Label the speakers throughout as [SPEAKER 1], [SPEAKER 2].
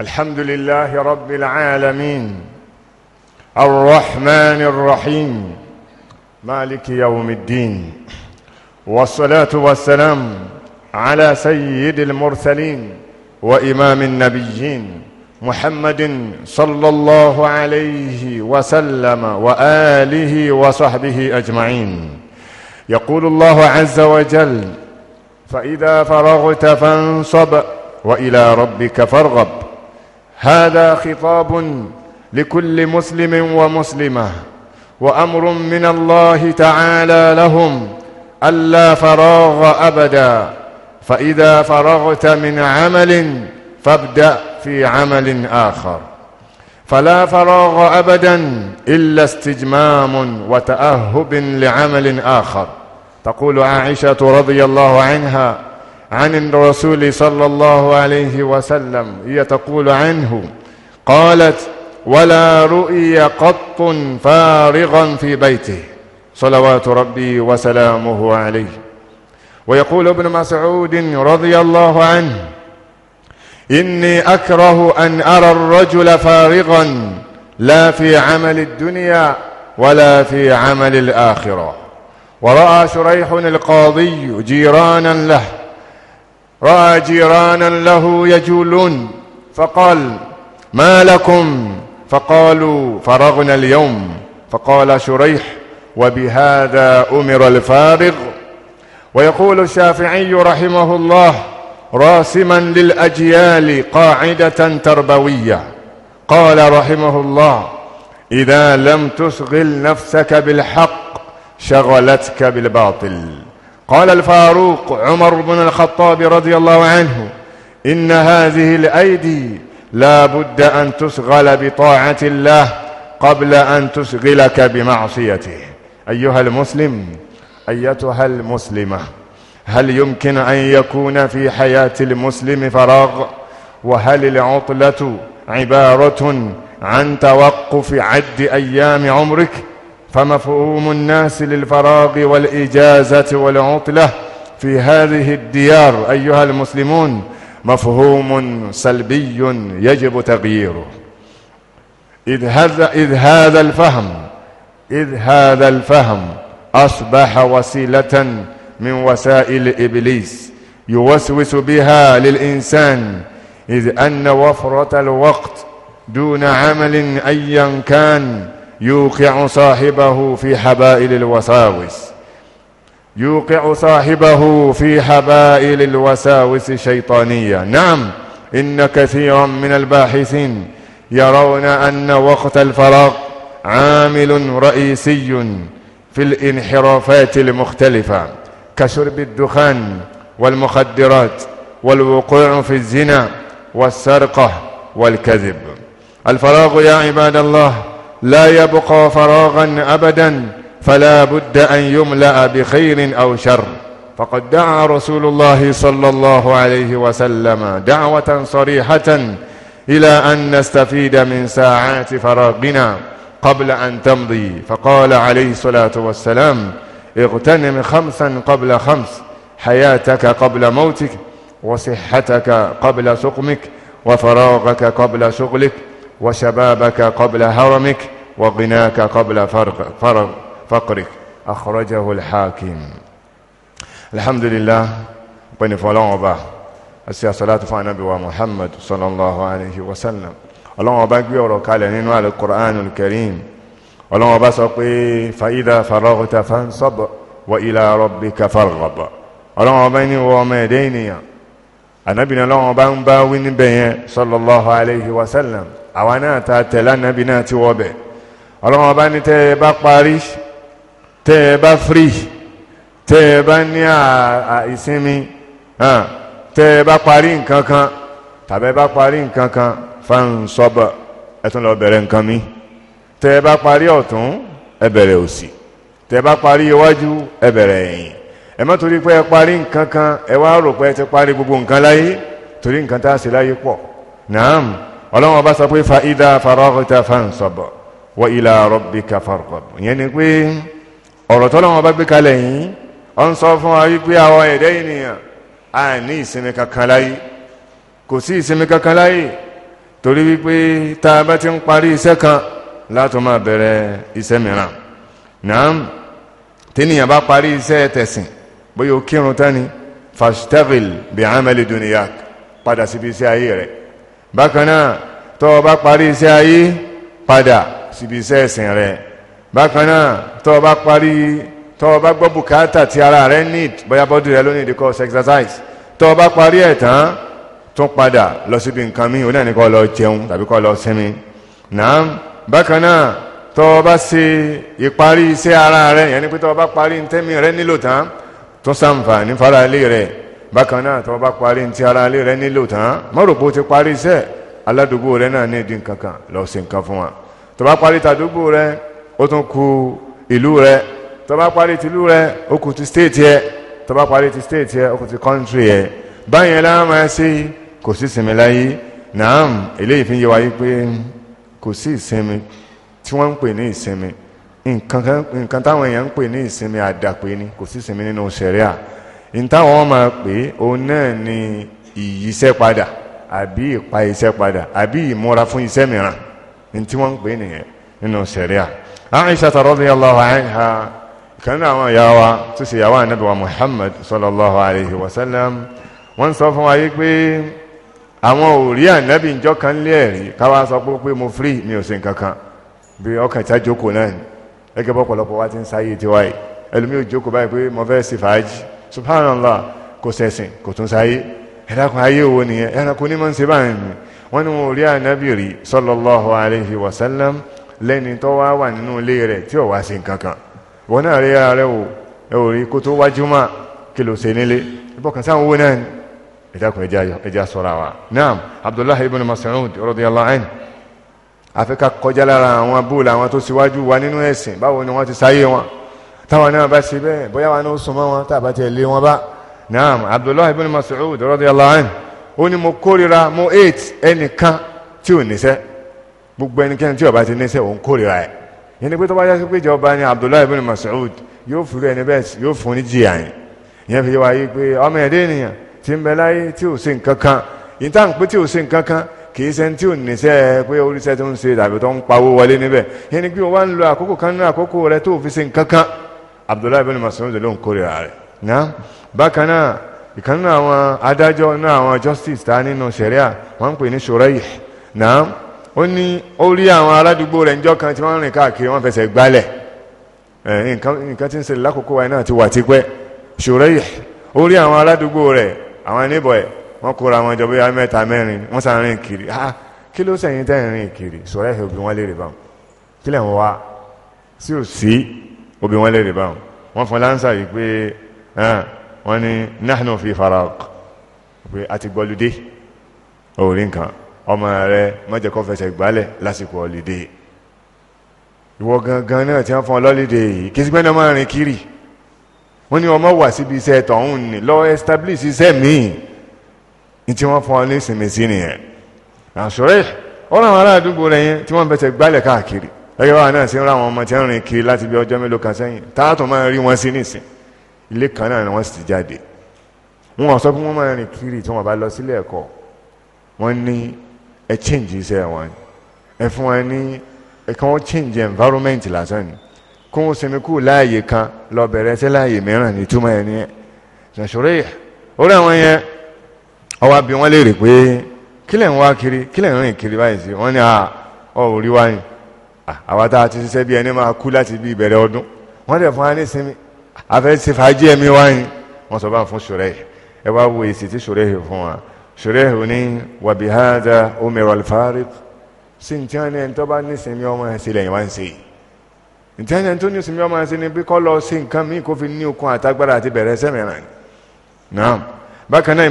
[SPEAKER 1] الحمد لله رب العالمين الرحمن الرحيم مالك يوم الدين والصلاة والسلام على سيد المرسلين وإمام النبيين محمد صلى الله عليه وسلم وآله وصحبه أجمعين يقول الله عز وجل فإذا فرغت فانصب والى ربك فارغب هذا خطاب لكل مسلم ومسلمه وامر من الله تعالى لهم الا فراغ ابدا فاذا فرغت من عمل فابدا في عمل اخر فلا فراغ ابدا الا استجمام وتاهب لعمل اخر تقول عائشه رضي الله عنها عن الرسول صلى الله عليه وسلم هي تقول عنه قالت ولا رؤي قط فارغا في بيته صلوات ربي وسلامه عليه ويقول ابن مسعود رضي الله عنه إني أكره أن أرى الرجل فارغا لا في عمل الدنيا ولا في عمل الآخرة ورأى شريح القاضي جيرانا له راى جيرانا له يجولون فقال ما لكم فقالوا فرغنا اليوم فقال شريح وبهذا امر الفارغ ويقول الشافعي رحمه الله راسما للاجيال قاعده تربويه قال رحمه الله اذا لم تشغل نفسك بالحق شغلتك بالباطل قال الفاروق عمر بن الخطاب رضي الله عنه إن هذه الأيدي لا بد أن تسغل بطاعة الله قبل أن تشغلك بمعصيته أيها المسلم أيتها المسلمة هل يمكن أن يكون في حياة المسلم فراغ وهل العطلة عبارة عن توقف عد أيام عمرك؟ فمفهوم الناس للفراغ والإجازة والعطلة في هذه الديار أيها المسلمون مفهوم سلبي يجب تغييره إذ هذا, إذ هذا الفهم إذ هذا الفهم أصبح وسيلة من وسائل إبليس يوسوس بها للإنسان إذ أن وفرة الوقت دون عمل أيا كان يوقع صاحبه في حبائل الوساوس يوقع صاحبه في حبائل الوساوس شيطانية نعم إن كثيرا من الباحثين يرون أن وقت الفراغ عامل رئيسي في الانحرافات المختلفة كشرب الدخان والمخدرات والوقوع في الزنا والسرقة والكذب الفراغ يا عباد الله لا يبقى فراغا أبدا فلا بد أن يملأ بخير أو شر فقد دعا رسول الله صلى الله عليه وسلم دعوة صريحة إلى أن نستفيد من ساعات فراغنا قبل أن تمضي فقال عليه الصلاة والسلام اغتنم خمسا قبل خمس حياتك قبل موتك وصحتك قبل سقمك وفراغك قبل شغلك وشبابك قبل هرمك وغناك قبل فرق فرق فقرك أخرجه الحاكم الحمد لله بني فلان أبا أسيا صلاة فأنبي ومحمد صلى الله عليه وسلم ọlọ́wọ́n ọba gbé ọ̀rọ̀ kalẹ̀ nínú alukur'anul karim ọlọ́wọ́n ọba sọ pé fa'ida faragta fansab wa ila rabbika farghab ọlọ́wọ́n ọba ní wọ́n ọmọ ẹ̀dẹ́ ènìyàn anábìnrin ọlọ́wọ́n ọba ń bá wí níbẹ̀ yẹn sallallahu alayhi wa sallam àwa náà ta tẹ̀lá nàbí náà ti wọ́ bẹ̀ ọlọ́run ọba ní tẹ́ ẹ bá parí tẹ́ ẹ bá free tẹ́ ẹ bá ní ìsinmi tẹ́ ẹ bá parí nǹkan kan tàbí ẹ bá parí nǹkan kan fáwọn sọ́bà ẹ tún lọ bẹ̀rẹ̀ nǹkan mi tẹ́ bá parí ọ̀tún ẹ bẹ̀rẹ̀ òsì tẹ́ bá parí iwájú ẹ bẹ̀rẹ̀ ẹ̀yìn ẹ má torí pé ẹ parí nǹkan ẹ wá rò pé ẹ ti parí gbogbo nǹkan láyé torí nǹkan tá a ṣe láyé pọ̀ naam ọlọ́wọ́n bá sọ pé fa idha faraghta fansab wa ila rabbika farghab ìyẹn ni pé ọ̀rọ̀ tọ́lọ́wọ́n bá gbé kalẹ̀ yìí ọ ń sọ fún wa wípé àwọn ẹ̀dẹ́ ènìyàn a ní ìsinmi kankan láyé kò sí ìsinmi kankan láyé torí wípé tá a bá ti ń parí iṣẹ́ kan láti máa bẹ̀rẹ̀ iṣẹ́ mìíràn náà tíníyàn bá parí iṣẹ́ tẹ̀sìn bóyá ó kírun tán ni fashtagil bi'amali dunyak padà síbi iṣẹ́ ayé rẹ̀ bákan náà tó o bá parí iṣẹ́ ayé padà síbi iṣẹ́ ẹ̀sìn rẹ bákan náà tó o bá parí tó o bá gbọ́ bùkátà tí ara rẹ need bóyá bọ́dù rẹ lónìí ìdíkọ́ exercise tó o bá parí ẹ̀ tán tún padà lọ síbi nǹkan mi ò náà ní kó lọ jẹun tàbí kó lọ sinmi náà bákan náà tó bá ṣe ìparí iṣẹ́ ara rẹ yẹn ni pé tó o bá parí ntẹ́mi rẹ nílò tán tún ṣàǹfààní fara ilé rẹ bákan náà tó bá parí ní ti ara ilé rẹ nílò tán mọ́ròpó ti parí iṣẹ́ aládùúgbò rẹ náà ní ìdí nǹkan kan lọ sí nǹkan fún wa tó bá parí tàdúgbò rẹ ó tún kù ìlú rẹ tó bá parí tìlú rẹ ó kù ti stéètì ẹ tó bá parí ti stéètì ẹ ó kù ti kọ́ńtírì ẹ láwọn máa ṣe kò sí sinmi láyé naam eléyìí fi ń yé wa yí pé kò sí ìsinmi tí wọ́n ń pè ní ìsinmi nǹkan táwọn èèyàn ń pè ní ìsinmi àdàpè ni kò sí ìsinmi nínú sẹ̀ríà ìtàwọn máa pè òun náà ni ìyíṣẹ́ padà àbí ìpa iṣẹ́ padà àbí ìmúra fún iṣẹ́ mìíràn ní tí wọ́n ń pè nìyẹn nínú sẹ̀ríà. Aisha radiyallahu anha kan náà àwọn ìyá wa tó ṣe ìyàwó ànábì wa Muhammad sallallahu alayhi wa sallam wọ́n sọ fún wa yí pé àwọn ò rí ànábì njọ́ kan lé ẹ̀rí káwá sọ pé pé mo free mi ò sí nǹkan kan bí ọkàn ìta jókòó náà gẹ́gẹ́ bọ́pọ̀lọpọ̀ wa ti ń sáyé tiwa yìí ẹlòmíì ò jókòó báyìí pé mo fẹ́ ṣe fàájì subhanallah kò sẹ̀sìn kò tún sáyé ẹ̀dàkùn ayé wo nìyẹn ẹ̀dàkùn ní máa ń ṣe báyìí ni wọ́n ní wọn ò rí ànábì rí sallallahu alayhi wa sallam lẹ́ni tó wá wà nínú ilé rẹ̀ tí ò wá sí nǹkan kan náà rí ara rẹ̀ ẹ ò rí kó tó wájú mà kí ló ṣe nílé ìbọ̀kàn sáwọn owó náà ni ẹ̀dàkùn ẹja sọ̀rọ̀ wa naam abdullahi ibn mas'ud radiyallahu anhu àfikà kọjá lára àwọn abúlé àwọn tó síwájú wa nínú ẹ̀sìn báwo ni wọ́n ti sáyé wọn táwọn náà bá ṣe bẹ́ẹ̀ bóyá wọn náà sùn mọ́ wọn tá a bá tiẹ̀ lé wọn bá naam abdullahi ibn mas'ud radiyallahu anhu ó ní mo kórira mo eight ẹnìkan tí ò níṣẹ́ gbogbo ẹnikẹ́ni tí ó ti níṣẹ́ òun kórira ẹ̀ yẹn ni pé tó bá yá sí pé ni abdullahi ibn mas'ud yóò fúru ẹni bẹ́ẹ̀ yóò fún ní jìyà yẹn yẹn fi wáyé pé ọmọ ẹ̀dẹ́ ènìyàn ti ń bẹ láyé tí ò ṣe nǹkan kan yìí tá pé tí ò ṣe nǹkan kan kìí ṣe tí ò ní sẹ́ pé oríṣẹ́ tó ń ṣe tàbí tó ń pawó wọlé níbẹ̀ yẹn ni pé wọ́n wá ń lo àkókò kan nínú àkókò rẹ tó fi ṣe nǹkan kan abdullahi bin masoud ló ń kórìíra rẹ̀ ná bákan náà ìkan náà àwọn adájọ́ náà àwọn justice ta nínú sẹ̀ríà wọ́n ń pè ní Shuraih ná ó ní ó rí àwọn aládùúgbò rẹ̀ níjọ́ kan tí wọ́n rìn káàkiri wọ́n fẹsẹ̀ gbálẹ̀ nǹkan tí ń ṣẹlẹ̀ lákòókò wa náà ti wà tipẹ́ Shuraih ó rí àwọn aládùúgbò rẹ̀ àwọn níbọ̀ ẹ̀ wọ́n kóra wọn jọ bóyá mẹ́ta mẹ́rin wọ́n sàn rìn kiri ah kí ló sẹ̀yìn tẹ́ rìn kiri Shuraih bí wọ́n lè rè bá wọn kí lẹ́ wá sí ò obi wọn lè rí báwọn wọn fún lánsà yìí pé wọn ní nahnu fi faraq pé a ti gbọ́lùdé òórí nǹkan ọmọ rẹ mọ́jẹ́ kó fẹsẹ̀ gbálẹ̀ lásìkò ọ̀lìdè ìwọ gangan náà tí wọ́n fún ọlọ́lìdè yìí kí sígbẹ́ náà máa rìn kiri wọ́n ní ọmọ wà síbi iṣẹ́ tọ̀hún ni lọ establish iṣẹ́ míì ní tí wọ́n fún ní ìsinmi sí nìyẹn àṣọrẹ́ ọ̀rọ̀ àwọn ará àdúgbò rẹ̀ yẹn tí wọ́n fẹsẹ̀ gbálẹ̀ káàkiri ẹgbẹ́ wa náà sí ń ra àwọn ọmọ tí ń rìn kiri láti bí ọjọ́ mélòó kan sẹ́yìn táàtò máa rí wọn sí nìsín ilé kan náà ni wọ́n sì ti jáde wọn sọ pé wọ́n máa rìn kiri tí wọ́n bá lọ sílé ẹ̀kọ́ wọ́n ní ẹ change iṣẹ́ wọn ẹ fún wọn ní ẹ kàn wọ́n change environment lásán ni kó wọn sinmi kú láàyè kan lọ bẹ̀rẹ̀ sí láàyè mìíràn ní túmọ̀ ẹ̀ nìyẹn ṣàṣọrẹ́ yà orí àwọn yẹn ọwọ́ àbí wọn léèrè pé kílẹ̀ ń wá kiri kílẹ̀ ń rìn kiri báyìí sí wọ́n ní à ọ̀ òrí wáyìí Ah, àwa tá a ti ṣiṣẹ́ bí ẹni máa kú láti bí ìbẹ̀rẹ̀ ọdún wọ́n dẹ̀ fún wa ní sinmi afẹ́ ṣe fàájì ẹ̀mí wá yín wọ́n sọ bá fún ṣòrẹ́ ẹ wá wo èsì tí ṣòrẹ́ yìí fún wa ṣòrẹ́ yìí ní wàbí hàdà omero alifari sí ní tíwọn ẹni tó bá ní sinmi ọmọ ẹ̀ sí lẹ́yìn wá ń ṣe ní tíwọn ẹni tó ní sinmi ọmọ ẹ̀ sí ni bí kọ́ lọ sí nǹkan míì kó fi ní okun àtagbára àti bẹ̀rẹ̀ sẹ́mìíràn náà bákan náà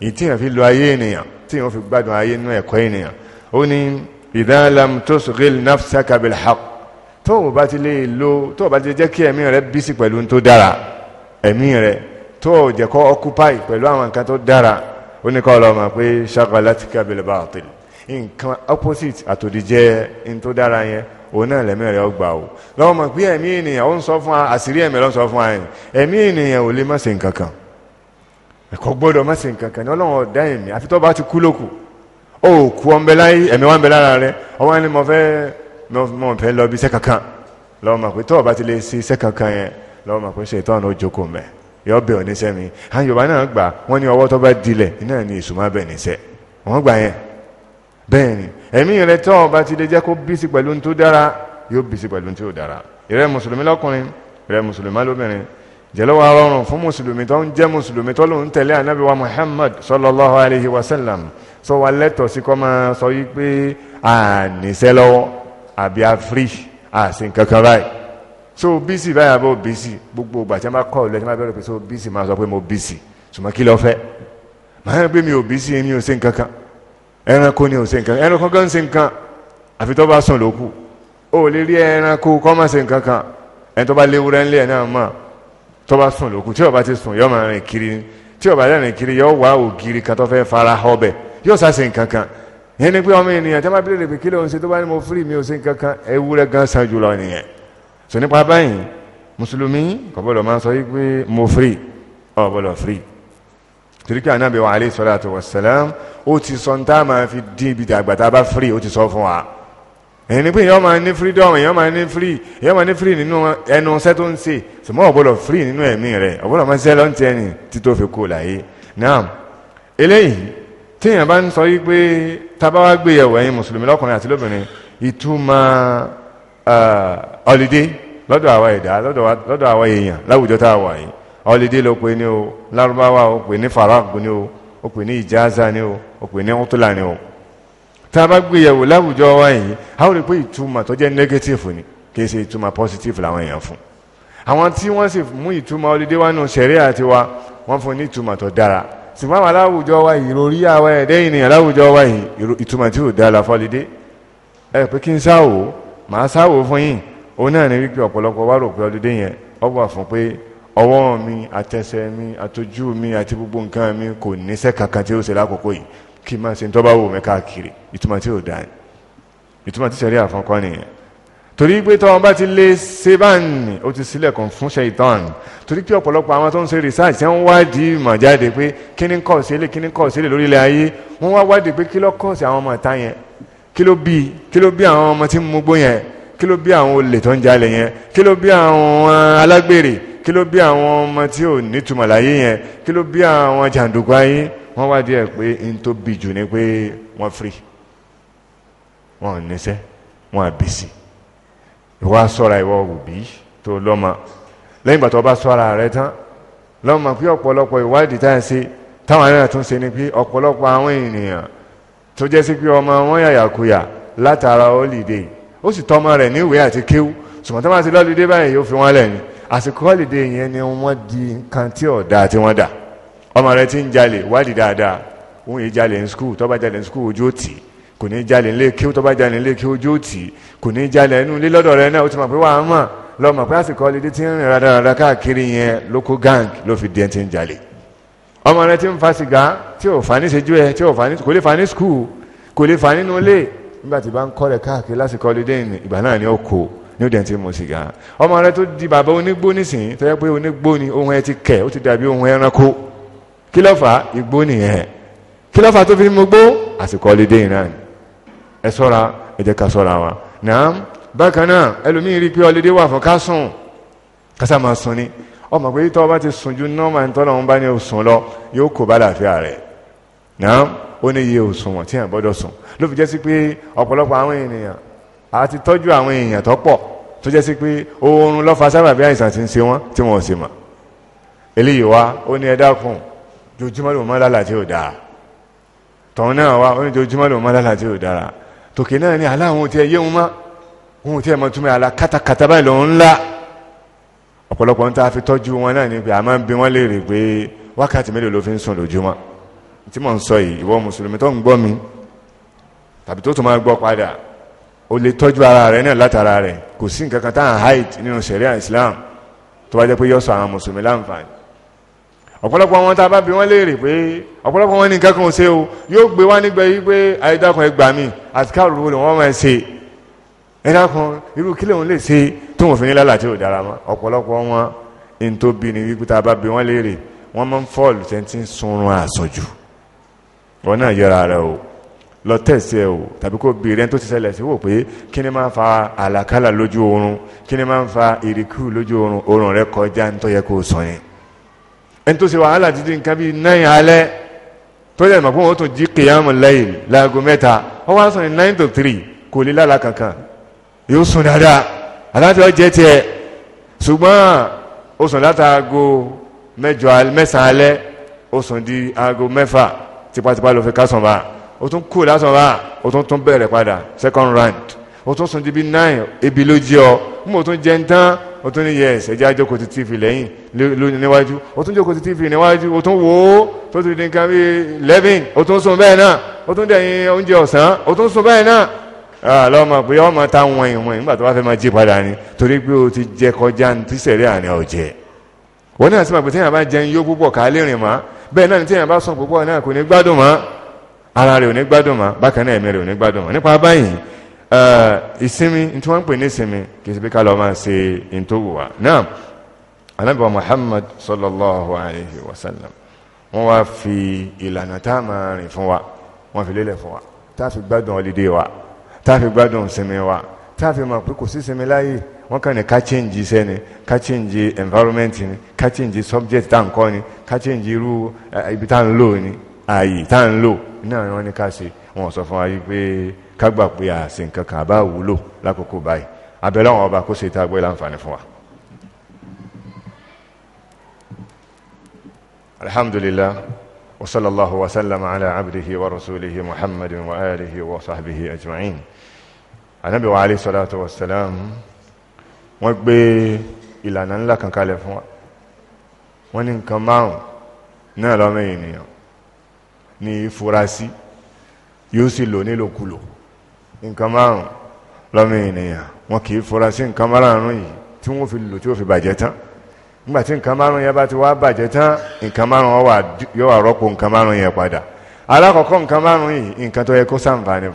[SPEAKER 1] ìtìyàn fi lo ayé ènìyàn tí wọ́n fi gbádùn ayé inú ẹ̀kọ́ ènìyàn ó ní idha lam tusghil nafsaka bil haqq tó o bá ti lè lo tó o bá ti jẹ́ kí ẹ̀mí rẹ bísí pẹ̀lú tó dára ẹ̀mí rẹ tó o jẹ́ kó occupy pẹ̀lú àwọn nǹkan tó dára ó ní kọ́ ọ lọ mọ̀ pé shaghalatika bil batil nǹkan opposite àtòdìjẹ́ ní tó dára yẹn òun náà lẹ́mí rẹ̀ ọgbà o lọ́wọ́ pé ẹ̀mí ènìyàn ó ń sọ fún àṣírí ẹ̀mí ló kò gbọ́dọ̀ má ṣe nǹkan kan ní ọlọ́run ọ̀dá ẹ̀mí àfi tó bá ti kú lókù ó kú ọmọbẹ láyé ẹ̀mí wa ń bẹ lára rẹ ọwọ́ ẹni mo fẹ́ mo fẹ́ lọ bí iṣẹ́ kankan lọ́wọ́ mọ̀ pé tó bá ti lè ṣe iṣẹ́ kankan yẹn lọ́wọ́ mọ̀ pé ṣe ìtọ́ àná ojókòó mẹ́ yọ bẹ̀ oníṣẹ́ mi àwọn yorùbá náà gbà wọ́n ní ọwọ́ tó bá dilẹ̀ náà ni èṣù má bẹ̀ níṣẹ́ wọ́n gbà yẹn bẹ́ẹ̀ ni ẹ̀mí rẹ tó o bá ti lè jẹ́ kó bísí pẹ̀lú ní dára yóò bísí pẹ̀lú ní dára ìrẹ́ mùsùlùmí lọ́kùnrin ìrẹ́ mùsùlùmí lóbìnrin jẹ́lọ́ wa rọrùn fún mùsùlùmí tó ń jẹ́ mùsùlùmí tó lòun tẹ̀lé ànábì wa Muhammad sallallahu alayhi wa sallam sọ wa lẹ́tọ̀ọ́ sí kọ́ máa sọ yí pé àníṣẹ́ lọ́wọ́ àbí afrí àsìn kankan báyìí so bisi báyìí àbọ̀ bisi, gbogbo ìgbà tí wọ́n bá kọ́ ọ̀lẹ́ tí wọ́n bá pé so bísì máa sọ pé mo bisi. ṣùgbọ́n kí ló fẹ́ máa ń pè mí ò bísì mi ò ṣe nǹkan kan ẹranko ni ò ṣe nǹkan ẹranko kan ń ṣe nǹkan àfi tó bá sùn lókù ó lè rí ẹranko kọ́ máa ṣe nǹkan ẹni tó bá léwu rẹ́ ńlẹ̀ náà máa tó bá sùn lókun tí ó bá ti sùn yóò máa rìn kiri tí ó bá rìn kiri yóò wá ògiri kan tó fẹ́ fara họbẹ̀ yóò sá ṣe nǹkan kan yẹn ni pé ọmọ ènìyàn tí wọ́n bá bèrè pé kí ló ń ṣe tó bá ní mo firi mi ò ṣe nǹkan kan ewúrẹ́ gan san jùlọ nìyẹn sọ nípa báyìí mùsùlùmí kò máa sọ yìí pé mo firi ọ̀ gbọ́dọ̀ torí pé ànábì wa alayhi salatu wassalam ó ti sọ ní tá a máa fi dín ibi àgbàtà bá firi ó ti sọ fún wa ẹ̀yìn ni pé èèyàn máa ní freedom èèyàn máa ní free èèyàn máa ní free nínú ẹnu iṣẹ́ tó ń ṣe ṣùgbọ́n ọ̀gbọ́dọ̀ free nínú ẹ̀mí rẹ̀ ọ̀gbọ́dọ̀ máa ṣiṣẹ́ lọ́ntì ẹni tí tó fi kú láyé náà eléyìí téèyàn bá ń sọ yí pé tábáwá gbé yẹ̀wò ẹ̀yin mùsùlùmí lọ́kùnrin àti lóbìnrin ìtumọ̀ holiday lọ́dọ̀ àwa ẹ̀dá lọ́dọ̀ àwa èèyàn láwùjọ tá a wà yìí holiday ló pe ní o lárúbáwá ó pè ní faragu ní o ó pè ní ìjáza ní o ó pè ní ọtúlà ní o tá a bá gbéyẹ̀wò láwùjọ wa yìí a ó rí pé ìtumọ̀ tó jẹ́ negative ni kì í ṣe ìtumọ̀ positive làwọn èèyàn fún àwọn tí wọ́n sì mú ìtumọ̀ ọlídé wánú ṣẹ̀rí àti wa wọ́n fún ní ìtumọ̀ tó dára ṣùgbọ́n àwọn aláwùjọ wa yìí ìròrí àwa ẹ̀dẹ́ ènìyàn láwùjọ wa yìí ìtumọ̀ tí ò dára fọ́lídé ẹ pé kí n sáwò màá sáwò fún yín òun náà ní wípé ọ̀pọ̀lọpọ̀ wá rò pé ọlídé yẹn ọ kí máa ṣe ń tọ́ba wò mí káàkiri ìtumọ̀ tí ò dáa ni ìtumọ̀ tí sẹ́rí àfọ̀nkọ́ nìyẹn torí pé tọ́wọ́n bá ti lé sebáàni ó ti sílẹ̀kùn fún ṣèitán torí pé ọ̀pọ̀lọpọ̀ àwọn tó ń ṣe research ń wádìí ìmọ̀ jáde pé kí ni kọ̀ sílé kí ni kọ̀ sílé lórí ilẹ̀ ayé wọ́n wá wádìí pé kí ló kọ̀ sí àwọn ọmọ ìta yẹn kí ló bí kí ló bí àwọn ọmọ tí ń mugbó yẹn kí ló bí àwọn olè tó ń jalè yẹn kí ló bí àwọn alágbèrè kí ló bí àwọn ọmọ tí ò nítumọ̀ láyé yẹn kí ló bí àwọn jàǹdùkú ayé wọ́n wá díẹ̀ pé n tó bí jù ni pé wọ́n firi wọn ò níṣẹ́ wọn à bìsì ìwọ sọ́ra ìwọ òbí tó lọ́mọ lẹ́yìn ìgbà tó bá sọ́ra rẹ tán lọ́mọ pé ọ̀pọ̀lọpọ̀ ìwádìí tá à ṣe táwọn náà tún ṣe ni pé ọ̀pọ̀lọpọ̀ àwọn ènìyàn tó jẹ́ sí pé ọmọ wọn yàyàkuyà látara holiday ó sì tọ́mọ rẹ̀ níwèé àti kéwú ṣùgbọ́n tó bá ti lọ́lídé báyìí yóò fi wọ́n lẹ̀ àsìkò họ́lìdé yẹn ni wọ́n di nǹkan tí ọ̀dà tí wọ́n dà ọmọ rẹ ti ń jalè wádìí dáadáa òun yìí jalè ní skul tó bá jalè ní skul ojú òtì kò ní jalè nílé kí tó bá jalè nílé kí ojú òtì kò ní jalè nínú ilé lọ́dọ̀ rẹ náà ó ti mọ̀ pé wàá mọ̀ lọ mọ̀ pé àsìkò họ́lìdé ti ń rìn rádaràda káàkiri yẹn lóko gang ló fi di ti ń jalè ọmọ rẹ ti ń fa sìgá tí ò fa ní sejú ẹ tí ò fa ní kò lè fa ní skul kò lè fa nínú ilé nígbà tí bá ń kọ́ rẹ̀ káàkiri lásìkò họ́lìdé ìgbà náà ni ó kó ní ó dẹ̀ ti mu sìgá ọmọ rẹ tó di bàbá onígbó nísìnyí tó yẹ pé onígbó ni ohun ẹ ti kẹ̀ ó ti dàbí ohun ẹranko kí ló fà igbó nìyẹn kí ló fà tó fi mú gbó àsìkò ọlẹ́dẹ́ yìí ẹ sọ́ra ẹ jẹ́ ká sọ́ra wa náà bákan náà ẹlòmíín rí i pé ọlẹ́dẹ́ wà fún ká sùn kásá máa sùn ni ọmọ pé tọ́ bá ti sùn ju nọ́ọ̀mà tọ́lọ̀ ń bá ní òsùn lọ yóò kó bá làáfíà rẹ̀ náà ó ní iye òsùn wọn tí à ń gbọ́dọ̀ sùn ló fi jẹ́ sí pé ọ̀pọ̀lọpọ̀ àwọn ènìyàn a ti tọ́jú àwọn èèyàn tó pọ̀ tó jẹ́ sí pé oorun lọ́fà sábà bí àìsàn ti ń ṣe wọ́n tí wọ́n sì mọ̀ eléyìí wá ó ní ẹ̀dá kùn jojúmọ́ ló mọ́ lálà tí ò dáa tọ̀hún náà wá ó ní jojúmọ́ ló mọ́ lálà tí ò dára tòkè náà ní aláwọn ò tiẹ̀ yé wọn mọ́ wọn ò tiẹ̀ mọ́ túmọ̀ àlá kátàkátà báyìí lòun ńlá ọ̀pọ̀lọpọ̀ ń tá fi tọ́jú wọn náà ni pé a máa ń bi wọ́n léèrè pé wákàtí mélòó ló fi ń sùn lójúmọ́ tí mò ń sọ yìí ìwọ mùsùlùmí tó ń gbọ́ mi tàbí tó tún máa gbọ́ padà o lè tọ́jú ara rẹ̀ náà látara rẹ̀ kò sí nǹkan kan tá à ń hide nínú sẹ̀ríà Islam tó bá jẹ́ pé yọ́sọ̀ àwọn mùsùlùmí láǹfààní ọ̀pọ̀lọpọ̀ wọn tá a bá bi wọ́n léèrè pé ọ̀pọ̀lọpọ̀ wọn ní nǹkan kan ò ṣe o yóò gbé wá nígbà yìí pé àìdákan ẹ gbà àti káàrò wo ni wọ́n máa ṣe ẹ dákan irú kí lóun lè ṣe tó wọn fi ní lálàtí ò dára mọ́ ọ̀pọ̀lọpọ̀ wọn ní tó bi ni wípé tá a bá bi wọ́n léèrè wọ́n máa ń fọ́ọ̀lù lọ tẹ̀sí ẹ o tàbí kó béèrè ẹni tó ti ṣẹlẹ̀ sí wò pé kí ni máa ń fa àlàkálà lójú oorun kí ni máa ń fa ìrìkú lójú oorun oorun rẹ kọjá ń tó kó sọ yẹn ẹni tó ṣe wàhálà títí nǹkan bíi náírà alẹ́ tó yẹ mọ̀ pé wọ́n tún jí kìyàmù lẹ́yìn láago mẹ́ta ó wá sùn ní nine to three kò lè lára kankan yóò sùn dáadáa aláàtì ọjẹ́ tiẹ̀ ṣùgbọ́n ó sùn látàgò mẹ́jọ mẹ́sàn-án alẹ́ ó sùn di aago mẹ́fà tipátipá ló fi ká sùn báà o tún kú lásán bá o tún tún bẹ̀rẹ̀ padà second round o tún sùn dibi nine ebi ló jẹ ọ mú o tún jẹ ntán o tún ní yes ẹja jókòó ti tv lẹ́yìn lónìí níwájú o tún jókòó ti tv níwájú o tún wò ó tó ti di nǹkan bíi eleven o tún sùn bẹ́ẹ̀ náà o tún dẹ̀yìn oúnjẹ ọ̀sán o tún sùn bẹ́ẹ̀ náà lọ́mọ pé ọmọ ta wọ̀nyí wọ̀nyí nígbà tó bá fẹ́ máa jí padà ni torí pé o ti jẹ kọjá ní tíṣẹ̀rí àná ọ̀jẹ̀ wọ́n náà sì máa pè téèyàn bá jẹun yó púpọ̀ ká lè rìn mọ́ bẹ́ẹ̀ náà ni téèyàn bá sùn púpọ̀ náà kò ní gbádùn mọ́ ara rẹ̀ ò ní gbádùn mọ́ bákan náà ẹ̀mí rẹ̀ ò ní gbádùn mọ́ nípa báyìí ìsinmi tí wọ́n ń pè ní ìsinmi kì í ṣe bí ká lọ máa ṣe ìntòwò wa náà anábìwá Muhammad sallallahu alayhi wa sallam wọ́n wá fi ìlànà tá a máa rìn fún wa wọ́n fi lélẹ̀ fún wa tá a fi gbádùn ọlídé wa tá a fi gbádùn ìsinmi wa tá a fi mọ̀ pé kò sí ìsinmi láyé wọ́n kàn ní ká change iṣẹ́ ni ká change environment ni ká change subject tá à ń kọ́ ni ká change irú ibi tá à ń lò ni ààyè tá à ń lò náà wọ́n ní ká ṣe wọ́n sọ fún wa yí pé ká gbà pé àṣẹ nǹkan kan àbá wúlò lákòókò báyìí abẹ́lẹ́ àwọn ọba kó ṣe tá a gbé láǹfààní fún wa. alhamdulillah wa sallallahu wa sallama ala abdihi wa rasulihi muhammadin wa alihi wa sahbihi ajma'in anabi wa alayhi salatu wa salam wọ́n gbé ìlànà ńlá kan kalẹ̀ fún wa wọ́n ní nǹkan márùn náà lọ́mọ ènìyàn ni ìfurasí yóò sì lò nílòkulò nǹkan márùn lọ́mọ ènìyàn wọn kì í furasi nǹkan márùn yìí tí wọ́n fi lò tí fi bàjẹ́ tán nígbà nǹkan márùn yẹn bá ti wá bàjẹ́ tán nǹkan márùn yóò wà rọ́pò nǹkan márùn yẹn padà alákọ̀ọ́kọ́ nǹkan márùn yìí nǹkan tó yẹ wa ni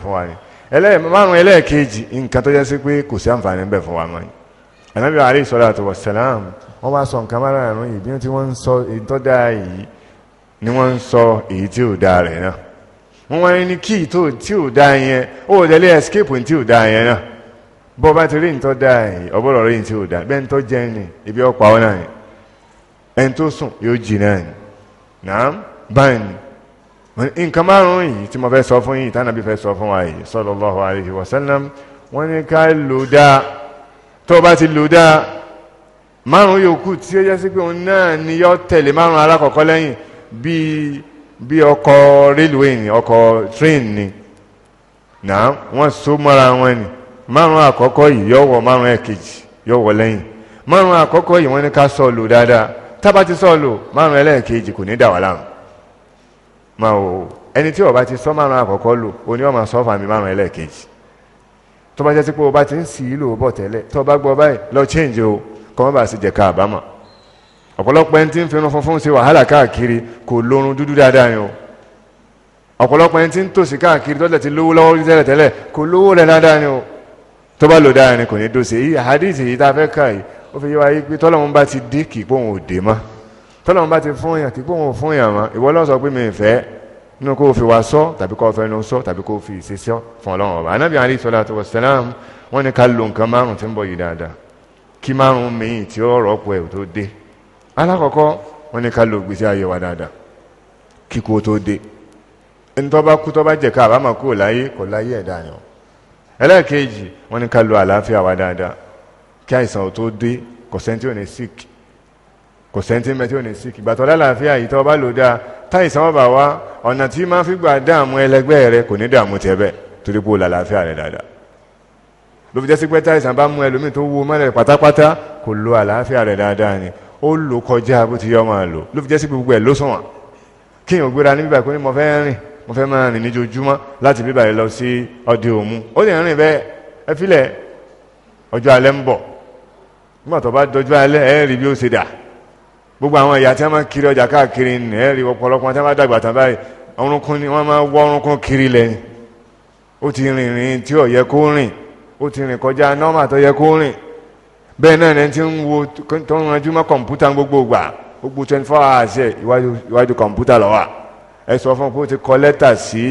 [SPEAKER 1] márùn ẹlẹ́ẹ̀kejì nǹkan tó yẹ sí pé kò sí bẹ̀ fún wa mọ́ yìí Ànábì alayhi salatu wassalam sọ nǹkan márùn yìí bí ti ni wọ́n ń sọ èyí tí ò dáa rẹ̀ náà wọ́n wá ní kí tí ò dáa yẹn ó dẹ̀lé escape tí ò dáa yẹn náà bọ́ bá ti rí ní tó dáa yìí ọgbọ́dọ̀ rí ní tí ò dáa bẹ́ẹ̀ ní tó jẹ́ ni ibi ọ̀pá ọ̀nà yẹn ẹni tó sùn yóò jì náà ni náà báyìí ni nǹkan márùn yìí tí mo fẹ́ sọ fún yìí tánàbí fẹ́ sọ fún wa yìí sallallahu alaihi wasallam wọ́n ní ká lò dáa tó bá ti lò dáa márùn-ún yòókù tí ó yẹ sí pé òun náà ni yọ tẹ̀lé márùn alákọ̀ọ́kọ́ lẹ́yìn bí bí ọkọ̀ railway ni ọkọ̀ train ni náà wọ́n so mọ́ra wọn ni márùn àkọ́kọ́ yìí yóò wọ márùn ẹ̀kejì yóò wọ lẹ́yìn márùn àkọ́kọ́ yìí wọ́n ní ká sọ lò dáadáa tábà ti sọ lò márùn ẹlẹ́ẹ̀kejì kò ní dà wá láàmú máa wò ó ẹni tí ó ti sọ márùn àkọ́kọ́ lò ó ní ó máa sọ márùn ẹlẹ́ẹ̀kejì tó bá sí pé o ti ń sì í lò bọ̀ tẹ́lẹ̀ tó bá báyìí lọ change o kọ́ sì jẹ́ ká àbámọ̀ ọ̀pọ̀lọpọ̀ ẹni tí ń fẹnu funfun ṣe wàhálà káàkiri kò lórun dúdú dáadáa yẹn o ọ̀pọ̀lọpọ̀ ẹni tí ń tòṣì káàkiri tọ́lẹ̀ ti lówó lọ́wọ́ tẹ́lẹ̀ tẹ́lẹ̀ kò lówó rẹ̀ dáadáa yẹn o tó bá lò dáadáa yẹn kò ní dòṣe yìí àhádìsì yìí tá a fẹ́ kà yìí ó fi yé wa yìí pé tọ́lọ́run bá ti dé kì í pòun ò dé mọ́ tọ́lọ́run bá ti fún yàn kì í pòun ò fún yàn mọ́ ìwọ ló pé mi fẹ́ inú kó o fi wa sọ tàbí kó o fẹnu sọ tàbí kó o fi ìṣe sọ fún ọlọ́run ọba anábì alẹ́ sọlá tó wọ sẹlẹ̀m wọ́n ní ká lo nǹkan márùn-ún tí ń bọ̀ yìí dáadáa kí márùn-ún mi-ín tí ó rọ́pò ẹ̀ tó dé alákọ̀ọ́kọ́ wọn ni ká lo gbèsè ayé wa dáadáa kíkó tó dé ntọ́ba kú tọ́ba jẹ̀ka àbámọ̀ kú láyé kò láyé ẹ̀dá yẹn ẹlẹ́ẹ̀kejì wọn ni ká lo àlàáfíà wa dáadáa kí àìsàn ò tó dé kò sẹ́ńtì ò ní sick kò sẹ́ńtì mẹ́tì ò ní sick ìgbàtọ̀ lálàáfíà yìí tọ́ba lò dáa táìsàn ọba wa ọ̀nà tí máa fi gbà dààmú ẹlẹgbẹ́ rẹ kò ní dààmú tiẹ̀ bẹ́ẹ̀ torí pé o làlàáfíà rẹ dáadáa ló fi jẹ́ sí pé bá mú ẹlòmíì tó wú mọ́lẹ̀ pátápátá kò lo àlàáfíà rẹ dáadáa ni ó lò kọjá bó ti yọ máa lò ló fi jẹ́ sí gbogbo ẹ̀ ló sọ̀wọ́n kéèyàn gbéra ní bíbà pé mo fẹ́ rìn mo fẹ́ máa rìn níjojúmọ́ láti bíbà yìí lọ sí ọdẹ òmu ó lè rìn bẹ́ẹ̀ ẹ filẹ̀ ọjọ́ alẹ́ ń bọ̀ nígbà tó bá dọjú alẹ́ ẹ rí bí ó ṣe dà gbogbo àwọn ìyá tí wọ́n máa kiri ọjà káàkiri ní ẹ rí ọ̀pọ̀lọpọ̀ tí wọ́n bá dàgbà tán báyìí ọrùnkún ni wọ́n máa wọ ọrùnkún kiri lẹ́yìn ó ti rìn rìn tí ó yẹ kó rìn ó ti rìn kọjá nọ́mà tó yẹ kó rìn bẹ́ẹ̀ náà ẹni tí ń wo tó ń ranjú mọ́ kọ̀ǹpútà gbogbo gbà gbogbo twenty four hours ẹ̀ iwájú kọ̀ǹpútà lọ́wọ́ ẹ sọ fún un pé o ti kọ lẹ́tà sí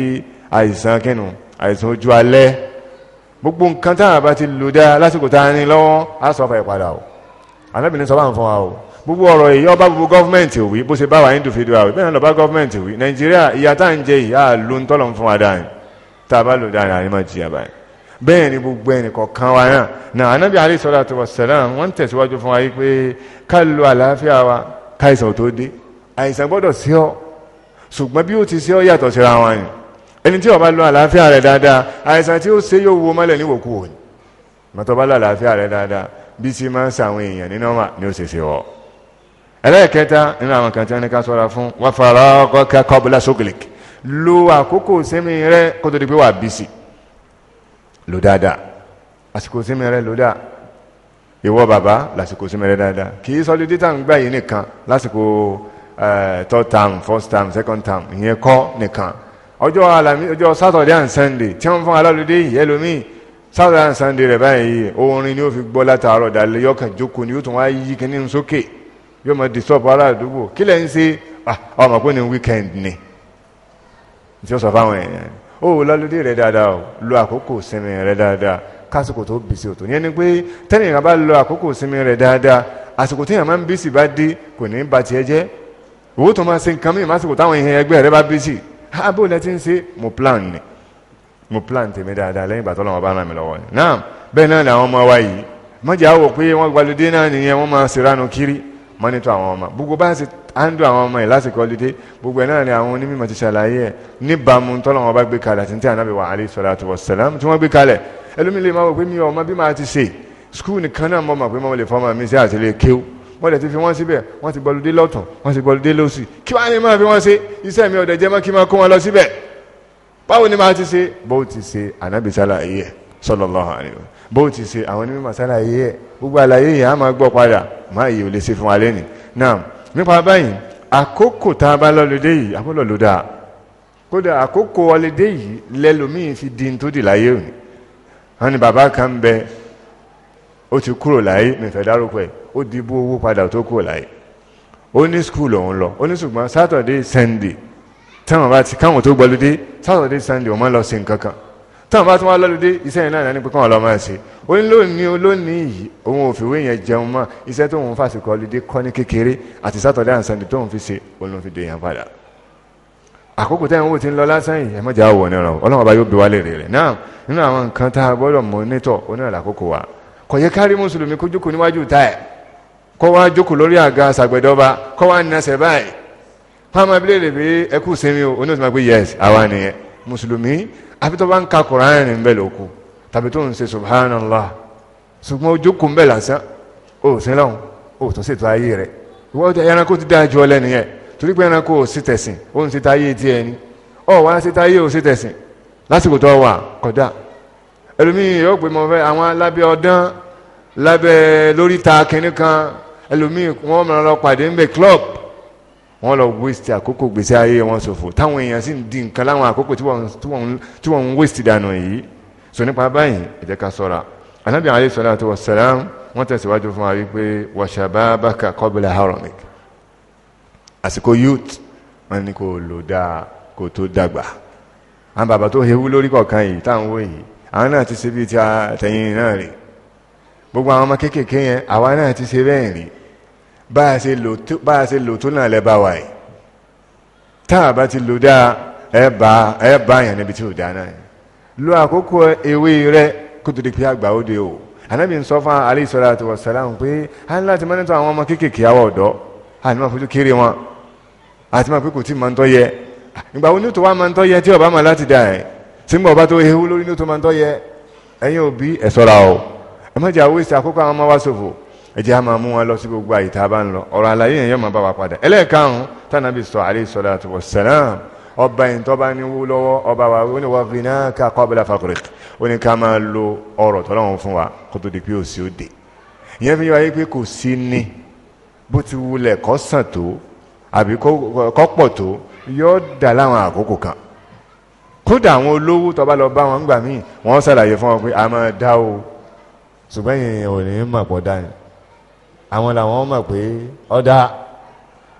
[SPEAKER 1] àìsàn kínú àìsàn ojú alẹ́ gbogbo nǹkan tá a bá ti lò dá lásìkò tá a ní lọ́wọ́ á sọ fà ìpadà o anábìnrin sọ fáwọn fún wa o gbogbo ọ̀rọ̀ èyí ọba gbogbo gọ́fúmẹ̀ntì òwì bó ṣe bá wa individual òwì bẹ́ẹ̀ náà lọ́ba gọ́fúmẹ̀ntì òwì nàìjíríà ìyá tá à ń jẹ ìyá ló ń tọ́lọ̀ fún wa dáa tá a bá lò dáa àyè máa jìyà báyìí bẹ́ẹ̀ ni gbogbo ẹnìkan kan wa náà na anábì alẹ́ sọ́dọ̀ àti wọ̀sẹ̀lám wọ́n ń tẹ̀síwájú fún wa yí pé ká lo àlàáfíà wa káìsàn tó dé àìsàn gbọ́dọ̀ sí ọ ṣùgbọ́n bí ó ti sí ọ yàtọ̀ síra wọn ni ẹni tí ó bá lo àlàáfíà rẹ̀ dáadáa àìsàn tí ó ṣe yóò wo mọ́lẹ̀ níwòkú òní mọ́tọ́ bá lo àlàáfíà rẹ̀ dáadáa bí ti máa ń sàwọn èèyàn ní nọ́mà ni ó ṣe ṣe wọ́ ẹlẹ́ẹ̀kẹta nínú àwọn kan tí wọ́n ní ká sọ́ra fún wọ́n fara ọkọ̀ kẹ́kọ̀ọ́ bọ́lá sókèlèkè lo àkókò sẹ́mi rẹ̀ kó di pé wà bísí lò dáadáa àsìkò sinmi rẹ lò dáa ìwọ bàbá lásìkò sinmi rẹ dáadáa kì í sọlí títà ń gbà yìí nìkan lásìkò eh, third term first term second term ìyẹn kọ́ nìkan ọjọ́ alami ọjọ́ saturday and sunday tí wọ́n fún alálùdé yìí ẹlòmíì saturday and sunday rẹ̀ báyìí orin ni ó fi gbọ́ látàárọ̀ dalẹ̀ yọkàn jókòó ni yóò tún wá yí kíní sókè yóò máa disturb ará àdúgbò kí lẹ́ ń ah, ọmọ pé ní weekend ni tí ó sọ fáwọn èèyàn ó lọ́lódé rẹ̀ dáadáa o lo àkókò sinmi rẹ̀ dáadáa kásìkò tó bìsì òtò yẹn ni pé tẹ́nìyàn bá lo àkókò sinmi rẹ̀ dáadáa àsìkò téèyàn máa ń bìsì bá dé kò ní ba tiẹ̀ jẹ́ owó tó máa ṣe nǹkan mìíràn másìkò táwọn èèyàn ẹgbẹ́ rẹ̀ bá bìsì ha ah, bó lẹ ti ń ṣe mo plan ni mo plan tèmi dáadáa lẹ́yìn ìgbà tọ́lọ́wọ́ bá ràn mí lọ́wọ́ náà bẹ́ẹ̀ náà làwọn ọmọ wa yìí mọ̀jà wò pé wọ́n gbalódé náà nìyẹn wọ́n máa ṣèrànù kiri mọ́nítọ̀ àwọn ọmọ gbogbo bá ṣe áńdù àwọn ọmọ ẹ̀ lásìkò ọlídé gbogbo ẹ̀ náà ni àwọn onímọ̀ ti ṣàlàyé ẹ̀ níbàámu tọ́lọ́wọ́n bá gbé kalẹ̀ àti ní tí ànábì wa alayhi salatu wassalam tí wọ́n gbé kalẹ̀ ẹlòmíì lè máa wò pé mi ọmọ bí máa ti ṣe skul nìkan náà mọ̀ mọ̀ pé mọ̀ lè fọmọ mi sí àtìlẹ́ kéwù wọ́n dẹ̀ ti fi wọ́n síbẹ̀ wọ́n ti gbọ́lódé lọ́tún wọ́n ti gbọ́lódé lọ́sì kí wàá ní máa fi wọ́n ṣe iṣẹ́ mi ọ̀dẹ̀ jẹ́ mọ́ kí máa kó wọn lọ síbẹ̀ báwo ni máa ti ṣe bó ti ṣe ànábì sálà ayé sallallahu alaihi bó ti ṣe àwọn onímọ̀ sálàyé ẹ̀ gbogbo àlàyé yìí a máa gbọ́ padà má yìí ò lè ṣe fún wa lẹ́nìí náà nípa báyìí àkókò tá a bá lọ́lọ́dé yìí abọ́lọ́lọ́dà kódà àkókò ọlẹ́dé yìí lẹ́lòmíì fi di tó dì láyé òní wọn ni bàbá kan ń bẹ ó ti kúrò láyé mẹfẹ dárúkọ ẹ ó di bó owó padà tó kúrò láyé ó ní skul òun lọ ó ní ṣùgbọ́n sátọ̀dé sànńdé táwọn bá ti káwọn tó gbọ́lódé sátọ̀dé sànńdé wọn máa lọ sí nǹkan kan tán bá tún wá lọ́lùdé iṣẹ́ yẹn náà ní pípọ́n ọlọ́mọ ẹ̀sìn ó ní lónìí olónìí yìí òun ò fìwé yẹn jẹun mọ́ iṣẹ́ tó ń fàṣìkò ọlùdé kọ́ ní kékeré àti sátọ̀dé àǹsàndì tó ń fi ṣe olóhùn fi dè yẹn padà àkókò tẹ́ ń wò tí ń lọ lásán yìí ẹ mọ̀jà wọ̀ níran ọlọ́run ọba yóò bí wálé rẹ̀ náà nínú àwọn nǹkan tá a gbọ́dọ̀ mọ̀ nítọ̀ onírànlá àkókò wa kò yẹ kárí mùsùlùmí kó jókòó níwájú ta ẹ̀ kó wá jókòó lórí àga sàgbẹ̀dọ́ba kó wá nasẹ̀ báyìí pàmò abilé àfi tó bá ń ka koran rìn bẹ́ẹ̀ lóko tàbí tó ń ṣe subhanallah ṣùgbọ́n ojókòó ń bẹ̀ lásán ó sin lọ́hùn ó tún ṣètò ayé rẹ̀ ìwọ́n ti ẹranko ti dáa ju ọ lẹ́nu yẹn torí pé ẹranko ò sí tẹ̀sìn ó ń ṣe táyé tiẹ̀ ni ọ̀ wá ṣe táyé ò sí tẹ̀sìn lásìkò tó wà kódà ẹlòmíì yóò pé mo fẹ́ àwọn alábẹ́ ọdán lábẹ́ lórí ta kínní kan ẹlòmíì wọ́n mọ̀ lọ pàdé ń bẹ club wọ́n lọ waste àkókò gbèsè ayé wọn ṣòfò táwọn èèyàn sì ń di nǹkan láwọn àkókò tí wọ́n ń waste dànù yìí so nípa báyìí ẹ jẹ́ ká ṣọ́ra anabi alayhi salatu wa salam wọ́n tẹ̀síwájú fún wa wípé wa shababaka qabla haramik àsìkò youth wọ́n ní kò lò dáa kò tó dàgbà àwọn bàbá tó hewu lórí kọ̀ọ̀kan yìí táwọn wò yìí àwọn náà ti ṣe bíi ti àtẹ̀yìn náà rí gbogbo àwọn ọmọ kéékèèké yẹn àwa náà ti ṣe bẹ́ẹ̀ rí bá a ṣe lò tó náà lẹ́bàá wà yìí tá a bá ti lò dáa ẹ bá ẹ bá àyàn níbi tí ò dáa náà lo àkókò ewé rẹ kó tó di pé àgbà ó de o ànábì ń sọ fún alayhi salatu wa salam pé a ní láti mọ́nítọ́ àwọn ọmọ kéékèèké àwọ̀ ọ̀dọ́ àti máa fojú kéré wọn àti máa pé kò tí máa ń tọ́ yẹ ìgbà wo ní tó wá máa ń tọ́ yẹ tí ọba máa láti dà ẹ̀ tí ń bọ̀ bá tó ewu lórí ní tó máa ń tọ́ yẹ ẹ̀yin òbí ẹ ṣọ́ra o ẹ má jà waste àkókò àwọn ọmọ wa ṣòfò ẹ jẹ́ a máa mú wọn lọ sí gbogbo àyè tá a bá ń lọ ọ̀rọ̀ àlàyé yẹn yóò máa bá wa padà ẹlẹ́ẹ̀karùn-ún tànàbí sọ alayhi salatu wassalam ọba yìí tó bá ní wú lọ́wọ́ ọba wa ó ní wá ghinaka qabla faqrik ó ní ká máa lo ọ̀rọ̀ tọ́lọ́run fún wa kó tó di pé òsì ó dé ìyẹn fi wáyé pé kò sí ní bó ti wulẹ̀ kó sàn tó àbí kó pọ̀ tó yóò dà láwọn àkókò kan kódà àwọn olówó tó lọ bá wọn gbà míì wọ́n ṣàlàyé fún wọn pé a máa dá o ṣùgbọ́n yìnyín ò ní mọ̀ pọ̀ dání àwọn làwọn mọ̀ pé ọ̀dà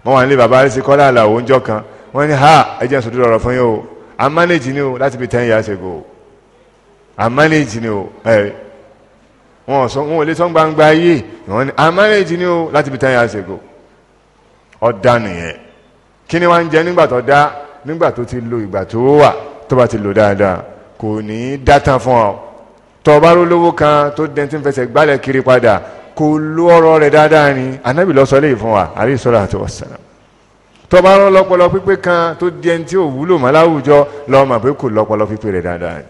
[SPEAKER 1] wọ́n wà nílé bàbá àrísí kọ́lá àlàó ń jọ kan wọ́n ní ha ẹjẹ́ sòdúrà ọ̀rọ̀ fún yín o a manage ni o láti bí ten years ago a manage ni o ẹ wọn sọ wọn ò lè sọ gbangba ayé wọn ni a manage ni o láti bí ten years ago ọ̀dà nìyẹn kí ni wọ́n ń jẹ nígbà tó dá nígbà tó ti lo ìgbà tó wà tó bá ti lò dáadáa kò ní í dá tán fún ọ tọ́ bá rólówó kan tó dẹ́ntì gbálẹ̀ kiri padà kò lo ọ̀rọ̀ rẹ̀ dáadáa ni anábì lọ sọ lè fún wa àrí sọ́rọ̀ àti wọ̀sánà tó bá rán lọ́pọlọ pípé kan tó di ẹni tí ò wúlò mọ́ láwùjọ lọ́mọ pé kò lọ́pọlọ pípé rẹ̀ dáadáa ni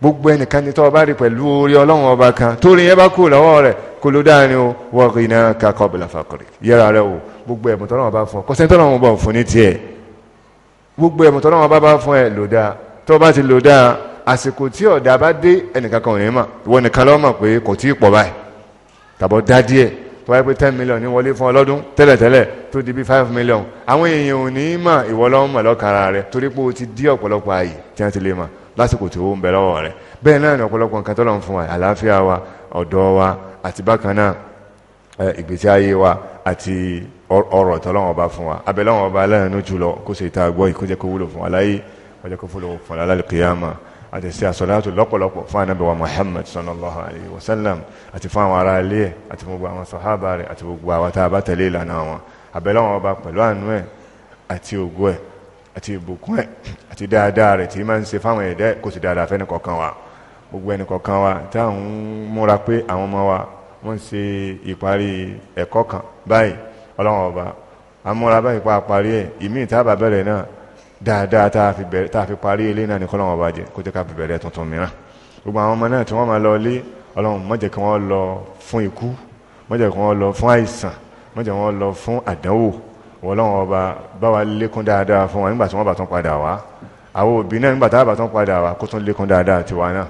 [SPEAKER 1] gbogbo ẹnìkan ni tó bá rí pẹ̀lú orí ọlọ́run ọba kan tó rí yẹn bá kú lọ́wọ́ rẹ̀ kò ló dáa ni o wọ́n rí iná kakọ́ bìlà fàkọ̀rì yẹra rẹ o gbogbo ẹ̀mú tọ́lọ́wọ́n bá fún ọ kọ́sẹ́ tọ́lọ́wọ́n bọ̀ fún ní tiẹ̀ gbogbo ẹ̀mú tọ́lọ́wọ́n bá bá fún ẹ lò dáa tó ti lò dáa àsìkò tí ọ̀dà bá dé ẹnìkan kan ò ní mà ìwọ nìkan ló mọ̀ pé kò tí ì pọ̀ báyìí tàbọ̀ dá díẹ̀ tó wáyé pé ten million ní wọlé fún ọlọ́dún tẹ́lẹ̀tẹ́lẹ̀ tó di bí five million àwọn èèyàn ò ní mà ìwọ lọ́wọ́ lọ́kàrà rẹ torí pé o ti dí ọ̀pọ̀lọpọ̀ ààyè tí wọ́n ti lè mà lásìkò tí owó ń bẹ lọ́wọ́ rẹ bẹ́ẹ̀ náà ní ọ̀pọ̀lọpọ̀ nǹkan tọ́lọ̀ ń fún wa àlàáfíà wa ọ̀dọ́ wa àti bákan náà ìgbésí ayé wa àti ọrọ̀ tọ́lọ́wọ́n ọba fún wa abẹ́lẹ́wọ̀n ọba aláìní jùlọ kó ṣe ìta àgbọ̀ àti sí àsọ̀látò lọ́pọ̀lọpọ̀ fún ànábì wa Muhammad sallallahu alayhi wa sallam àti fún àwọn ará ilé ẹ̀ àti fún gbogbo àwọn sọ̀hábà rẹ̀ àti gbogbo àwọn tá a bá tẹ̀lé ìlànà wọn àbẹ̀lọ́wọ̀n ọba pẹ̀lú àánú ẹ̀ àti ògo ẹ̀ àti ìbùkún ẹ̀ àti dáadáa rẹ̀ tí máa ń ṣe fáwọn ẹ̀dẹ́ kò sì dáadáa fẹ́ni kọ̀ọ̀kan wa gbogbo ẹni kọ̀ọ̀kan wa táwọn múra pé àwọn ọmọ wa wọ́n ń ṣe ìparí ẹ̀kọ́ kan báyìí ọlọ́wọ̀n ọba amúra báyìí pa àparí ẹ̀ ìmí ìta bàbẹ̀rẹ̀ náà dáadáa tá a fi parí ilé náà ní kọ́lọ́wọ́n bá jẹ kó jẹ́ ká fi bẹ̀rẹ̀ tuntun mìíràn gbogbo àwọn ọmọ náà tí wọ́n máa lọ lé ọlọ́run má jẹ́ kí wọ́n lọ fún ikú má jẹ́ kí wọ́n lọ fún àìsàn má jẹ́ kí wọ́n lọ fún àdánwò ọlọ́run ọba bá wa lékún dáadáa fún wọn nígbà tí wọ́n bá tún padà wá àwọn òbí náà nígbà tá a bá tún padà wá kó tún lékún dáadáa tiwa náà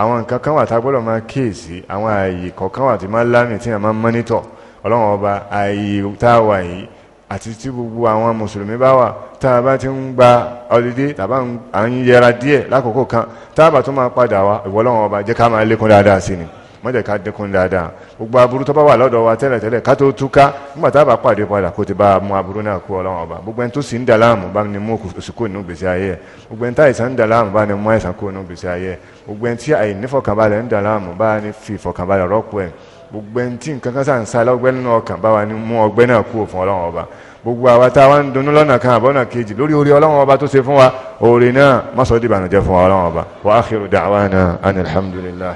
[SPEAKER 1] àwọn nǹkan kan wà tá a gbọ́dọ̀ máa kíyèsí àwọn ààyè kọ̀ọ̀kan wà tí máa lámì tí a máa mọ́nítọ̀ ọlọ́run ọba ààyè tá a wà yìí àti tí gbogbo àwọn mùsùlùmí bá wà tá a bá ti ń gba ọdídé tàbá à ń yẹra díẹ̀ lákòókò kan tá a bá tún máa padà wá ìwọlọ́wọ́n ọba jẹ́ ká máa lékún dáadáa sí ni má jẹ́ ká dínkùn dáadáa gbogbo aburú tó bá wà lọ́dọ̀ wa tẹ́lẹ̀tẹ́lẹ̀ ká tó túká nígbà tá a bá pàdé padà kó ti bá a mú aburú náà kú ọlọ́wọ́n ọba gbogbo ẹni tó sì ń dà láàmú bá ní mú òsìkò nínú gbèsè ayé ẹ gbogbo ẹni tá àìsàn ń dà láàmú bá ní mú àìsàn kó nínú gbèsè ayé gbogbo ẹni tí àìnífọ̀kànbalẹ̀ ń dà láàmú bá ní fi ìfọ̀kànbalẹ̀ rọ́pò ẹ̀ gbogbo ẹni tí nǹkan kan sàn sa lọ́gbẹ́ nínú ọkàn bá wa ní mú ọgbẹ́ náà kúrò fún ọlọ́run ọba gbogbo àwa tá a wá ń dunnú lọ́nà kan àbọ̀nà kejì lórí orí ọlọ́run ọba tó ṣe fún wa oore náà má sọ di fún wa ọlọ́run ọba wa akhiru da'wana anil hamdulillahi.